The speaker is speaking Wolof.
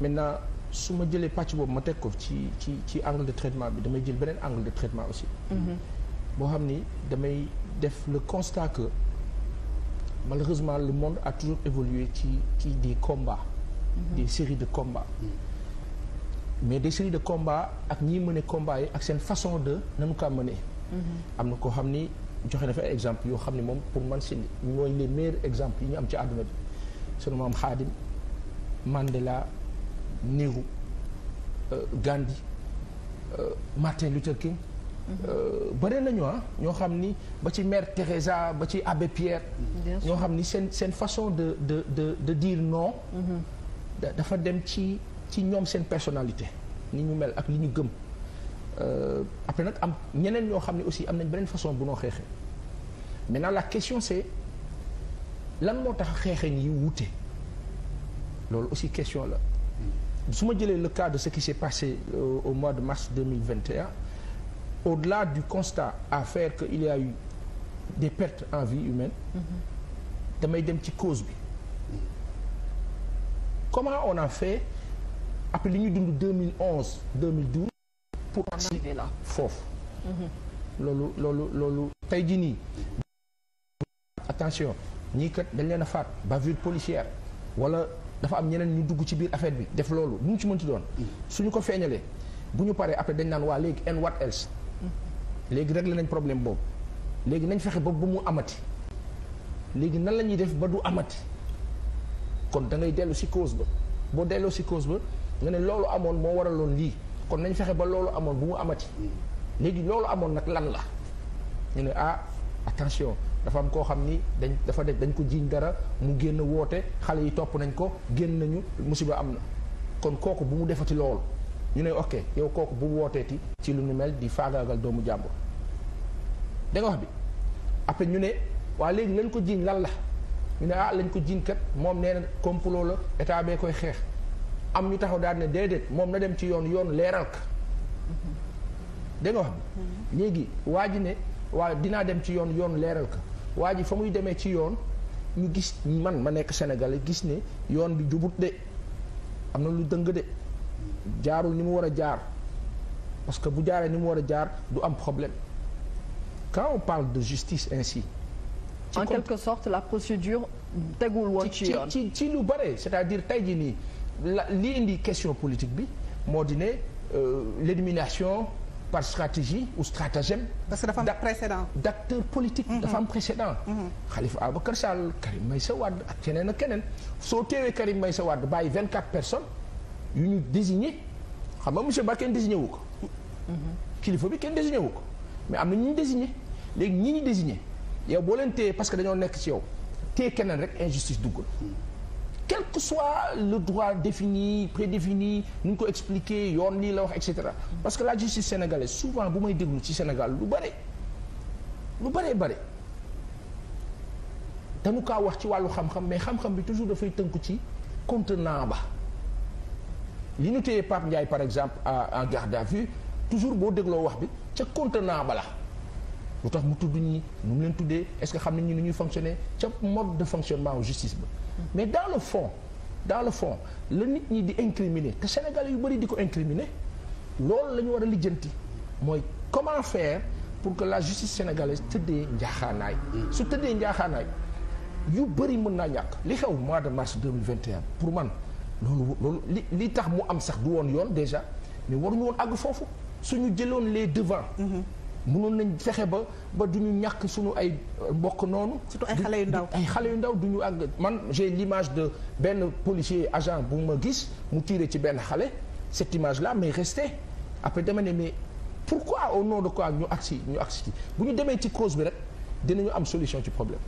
maintenant su ma jëlee pàcc boobu ma teg ko ci ci ci angle de traitement bi damay jël beneen angle de traitement aussi. Mhm. boo xam ni damay def le constat que malheureusement le monde a toujours évolué ci ci des combats. Mhm. des séries de combats. Mm. mais des séries de combats ak ñiy mëne combats yi ak seen façon de nanu kaa mënee. Mhm. am na koo xam ni joxe na fa ay exemples yoo xam ni moom pour man si mooy les meilleurs exemples yi ñu am ci àdduna bi sunu maam Xaadim Mandela. néewu euh, Gandhi euh, Martin Luther King mhm. euh, bëri nañu ah ñoo xam ni ba ci mère Teresa ba ci abbé Pierre ñoo xam ni seen seen façon de de de de dire non mhm. dafa dem ci ci ñoom seen personalité ni ñu mel ak ni ñu gëm après nag am ñeneen ñoo xam ne aussi am nañ beneen façon bu noo xeexee maintenant la question c'est lan moo tax xeexeñ yi wute loolu aussi question la mm. su ma jëlee le cas de ce qui s'est passé euh, au mois de mars 2021 au-delà du constat à faire que il y a eu des perte en vie humaine damay dem ci cause bi comment on a fait après li ñu dund 2011 2012 pour la foofu mhm. loolu loolu loolu tey jii nii attention ñii kat dañ leen a faat bavure policière wala dafa am ñeneen ñu dugg ci biir affaire bi def loolu lu mu ci mënti doon suñu ko feeñalee bu ñu paree après dañ naan waa léegi and what léegi léegi réglé nañ problème boobu léegi nañ fexe ba bu mu amati léegi nan la ñuy def ba du amati kon dangay dellu si cause ba boo delloo si cause ba nga ne loolu amoon moo waraloon lii kon nañ fexe ba loolu amoon bu mu amati léegi loolu amoon nag lan la ñu ne ah attention dafa am koo xam ni dañ dafa def dañ ko jiiñ dara mu génn woote xale yi topp nañ ko génn nañu musiba am na kon kooku bu mu defati loolu ñu ne ok yow kooku bu wooteeti ci lu ñu mel di faagaagal doomu jàmbur da nga wax bi après ñu ne waa léegi lañ ko jiiñ lan la ñu ne ah lañ ko jiiñ kat moom nee na complot la état bee koy xeex am ñu taxaw daal ne déedéet moom na dem ci yoon yoon leeral ka mm-hmm. da wax bi mm-hmm. léegi waa ji ne waaw dinaa dem ci yoon yoon leeral ko waa ji fa muy demee ci yoon ñu gis man ma nekk Sénégal gis ne yoon bi jubut de am na lu dëng de jaarul ni mu war a jaar parce que bu jaaree ni mu war a jaar du am problème quand on parle de justice ainsi. en quelque la procédure tegul woon ci yoon ci lu bare c'est-à-dire tey jii nii la li indi question politique bi moo di ne euh, l'élimination par stratégie ou stratagème. parce que dafa am précédent. d' politique. Mm-hmm. dafa am précédent. Mm-hmm. Khalifa Abacar Sall Karim Meïssa Wade ak keneen ak keneen soo teewee Karim Meïssa Wade bàyyi vingt quatre personnes yu ñu désigné xam nga monsieur Ba kenn désigné wu ko. Mm-hmm. kilifa bi kenn désigné wu mais am na ñu ñu désigné léegi ñi ñu désigné yow boo leen téye parce que dañoo nekk ci yow téye keneen rek injustice dugg. quel que soit le droit défini prédéfini nu ñu ko expliquer yoon lii la wax et cetera parce que la justice sénégalaise souvent bu may déglu ci Sénégal lu bare lu bare bare dañu kaa wax ci wàllu xam-xam mais xam-xam bi toujours dafay tënku ci contenant ba li ñu téye Pape Ndiaye par exemple en garde à vue toujours boo dégloo wax bi ca contenant ba la lu tax mu tudd ñi nu mu leen tuddee est-ce que xam nañ ni ñuy fonctionner ca mode de fonctionnement justice ba mais dans le fond dans le fond la nit ñi di incriminer te sénégalais yu bëri di ko incriminer loolu la ñu war a lijjanti mooy comment faire pour que la justice sénégalaise tëddee njaaxaanaay su tëddee njaaxaanaay yu bëri mën naa ñàkk li xew mois de mars 2021 pour man loolu loolu li tax mu am sax du woon yoon déjà mais waruñu woon àgg foofu suñu jëloon les devants mm-hmm. mënoon nañ fexe ba ba du ñu ñàkk suñu ay euh, mbokk noonu. surtout ay xale yu ndaw ay xale yu ndaw du ñu àgg man j'ai l'image de benn policier agent bu ma gis mu tiré ci benn xale cette image là mais resté après dama ne mais pourquoi au non de quoi ñu agsi ñu agsi bu ñu demee ci cause bi rek dinañu am solution ci problème.